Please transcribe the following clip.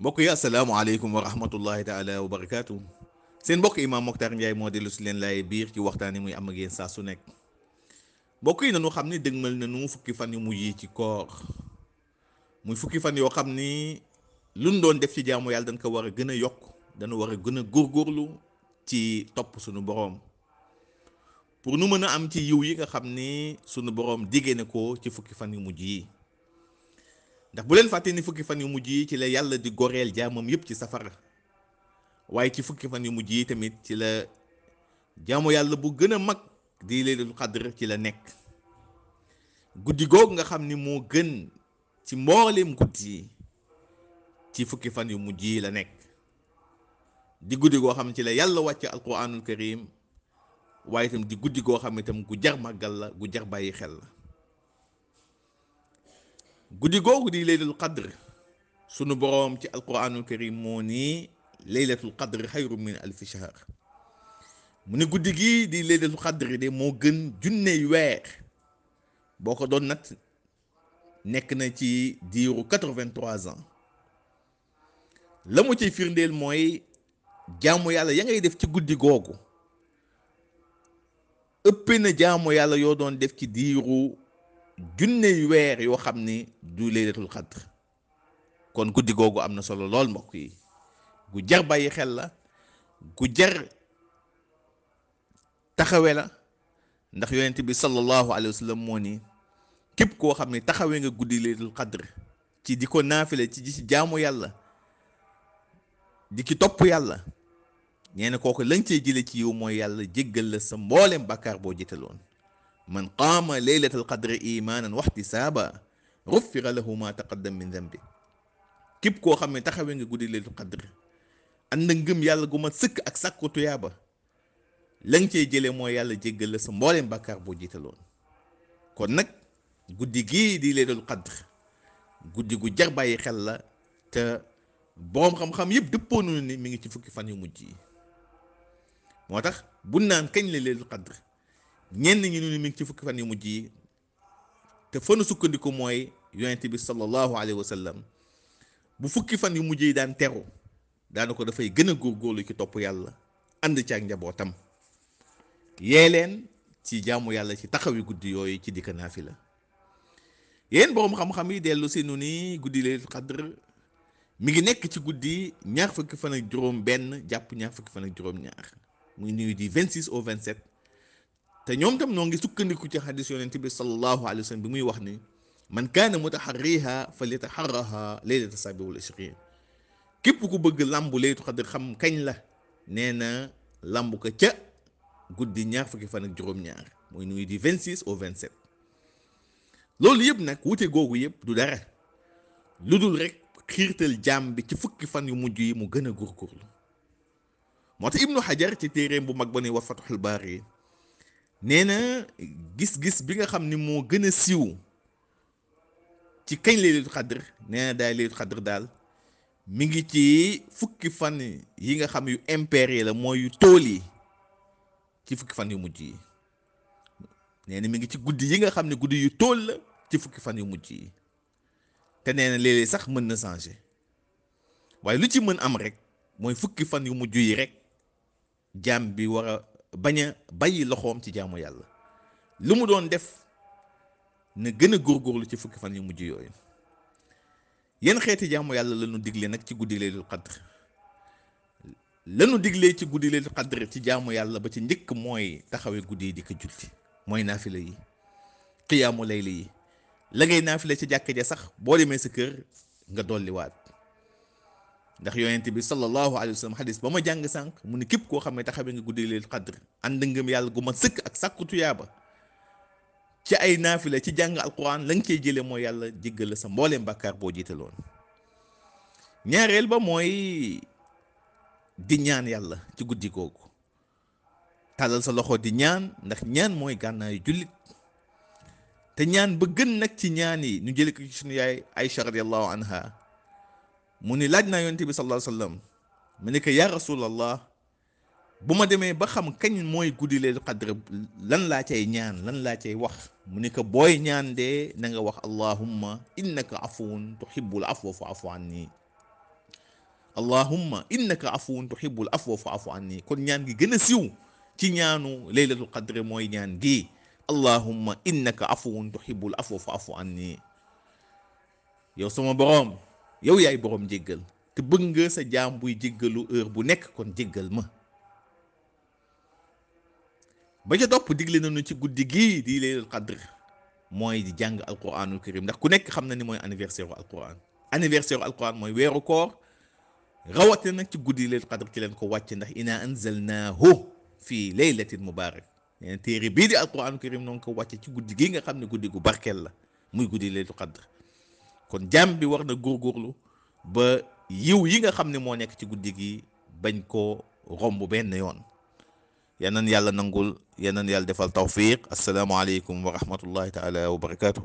mbokk yi asalaamaaleykum wa rahmatullahi taala wa barakaatu seen mbokk imaam Moctar Ndiaye moo dellu si leen laay biir ci waxtaan yi muy am a yéen saa su nekk mbokk yi nañu xam ni dëgmal nañu fukki fan yu mujj ci koor muy fukki fan yoo xam ni luñ doon def ci jaamu yàlla dañ ko war a gën a yokk dañu war a gën a góorgóorlu ci topp suñu boroom pour nu mën a am ci yiw yi nga xam ni sunu boroom diggee ko ci fukki fan yu mujj yi ndax bu leen fàtte ni fukki fan yu mujj yi ci la yàlla di goreel jaamam yëpp ci safara waaye ci fukki fan yu mujj yi tamit ci la jaamu yàlla bu gën a mag di Laylatul Qadr ci la nekk guddi googu nga xam ni moo gën ci mboolem guddi ci fukki fan yu mujj yi la nekk di guddi goo xam ne ci la yàlla wàcce alquranul karim waaye itam di guddi goo xam ne itam gu jar màggal la gu jar bàyyi xel la guddi googu di laylatul qadr sunu boroom ci alquranul karim moo ni laylatul qadr xayru min alfi mu ne guddi gii di laylatul qadr de moo gën junney weex boo ko doon nat nekk na ci diiru quatre-vingt-trois ans la mu ciy firndeel mooy jaamu yàlla ya ngay def ci guddi googu ëpp na jaamu yàlla yoo doon def ci diiru junney weer yoo xam ni du laylatul xadr kon guddi googu am na solo lool mbokk yi gu jar bàyyi xel la gu jar taxawe la ndax yonent bi sallallahu alayhi wa moo ni képp koo xam ne taxawe nga guddi laylatul xadr ci di ko naafile ci di ci jaamu yàlla di ki topp yàlla nee na kooku lañ cey jële ci yow mooy yàlla jéggal la sa mboolem bàkkaar boo jëtaloon من قام ليلة القدر إيمانا واحتسابا غفر له ما taqaddam min bi képp koo xam ne taxawee nga guddi laylatul qadr ànd ngëm yàlla gu ma sëkk ak sàkku tuyaaba la nga cey jëlee mooy yàlla jéggal la sa mbooleem bàkkaar boo jiitaloon kon nag guddi gii di laylatul qadr guddi gu jar xel la te boroom xam-xam yëpp dëppoonu ni mi ngi ci fukki fan yu mujj yi moo tax bu naan kañ la laylatul qadr ñenn ñi ñu mi ngi ci fukki fan yu mujj yi te fa nu sukkandiku mooy yonent bi sallallahu alayhi wa sallam bu fukki fan yu mujj yi daan teru daana ko dafay gën a góorgóorlu ci topp yàlla ànd ci ak njabootam yee leen ci jaamu yàlla ci taxawi guddi yooyu ci dikka naafila yéen boroom xam-xam yi dellu si nu ni guddi laylatul qadr mi ngi nekk ci guddi ñaar fukki fan ak juróom benn jàpp ñaar fukki fan ak juróom ñaar muy nuyu di 26 au 27 te ñoom tam noo ngi sukkandiku ci xadis yonent bi sallallahu alayhi wa sallam bi muy wax ni man kaana mutaxarriha fa litaxarraha laylata sabi wal ishrin képp ku bëgg làmbu laytu xadr xam kañ la nee na làmb ko ca guddi ñaar fukki fan ak juróom-ñaar mooy nuy di 26 au 27 loolu yëpp nag wute googu yëpp du dara lu dul rek xiirtal jaam bi ci fukki fan yu mujj yi mu gën a góorgóorlu moo tax ibnu xajar ci téeréem bu mag ba nuy wax fatuxul baar yi nee na gis-gis bi nga xam ni moo gën a siw ci kañ laylatul xadr nee na daay laylatul xadr daal mi ngi ci fukki fan yi nga xam yu impaire la mooy yu tool yi ci fukki fan yu mujj yi nee na mi ngi ci guddi yi nga xam ne guddi yu tool la ci fukki fan yu mujj yi te nee na sax mën na changer waaye lu ci mën am rek mooy fukki fan yu mujj yi rek jaam bi wara bañ a bàyyi loxoom ci jaamu yàlla lu mu doon def na gën a góorgóorlu ci fukki fan yi mujj yooyu yan xeeti jaamu yàlla la ñu digle nag ci guddi lay qadr la ñu ci guddi leelul qadr ci jaamu yàlla ba ci njëkk mooy taxawe guddi yi di ko julli mooy naafila yi xiyaamu layli yi la ngay naafila ci jàkka ja sax boo demee sa kër nga dolliwaat ndax yonent bi sallallahu alayhi wa sallam xadis ba ma jàng sànq mu ne képp koo xam ne taxawee nga guddi leel xadr ànd ngëm yàlla gu ma sëkk ak sàkku tuyaaba ci ay naafila ci jàng alquran la nga koy jëlee mooy yàlla jéggal la sa mbooleem bàkkaar boo jiitaloon ñaareel ba mooy di ñaan yàlla ci guddi kooku tàllal sa loxo di ñaan ndax ñaan mooy gànnaayu jullit te ñaan ba gën nag ci ñaan yi ñu jëlee ko ci sunu yaay Aïcha radiyallahu anha mu ni laaj naa yonent bi sallallahu alayhi wa sallam mu ne ko yaa rasulallah bu ma demee ba xam kañ mooy guddi leel qadr lan laa cay ñaan lan laa cay wax mu ni ko booy ñaan de na nga wax allahumma innaka afuwun tuhibbul afu anni allahumma innaka afuwun fa afu anni kon ñaan gi gën a siiw ci ñaanu laylatul qadr mooy ñaan gi allahumma innaka afuwun tuhibbul afwa fa afu anni yow sama boroom yow yaay boroom jéggal te bëgg nga sa jaam buy jéggalu heure bu nekk kon jéggal ma ba ca topp digle nañu ci guddi gii di leelul xadr mooy di jàng alquranul karim ndax ku nekk xam na ni mooy anniversaire u alquran anniversaire u alquran mooy weeru rawat rawate nag ci guddi leelul xadr ci leen ko wàcce ndax ina anzalnaahu fii laylatin mubarak nee na téere bii di alquranul karim noonu ko wàcce ci guddi gii nga xam ne guddi gu barkeel la muy guddi leelul xadr kon jaam bi war na góorgóorlu ba yiw yi nga xam ne moo nekk ci guddi gi bañ koo romb benn yoon yeneen yàlla nangul yeneen yàlla defal tawfiq asalaamaaleykum wa rahmatullahi taala wa barakaatu.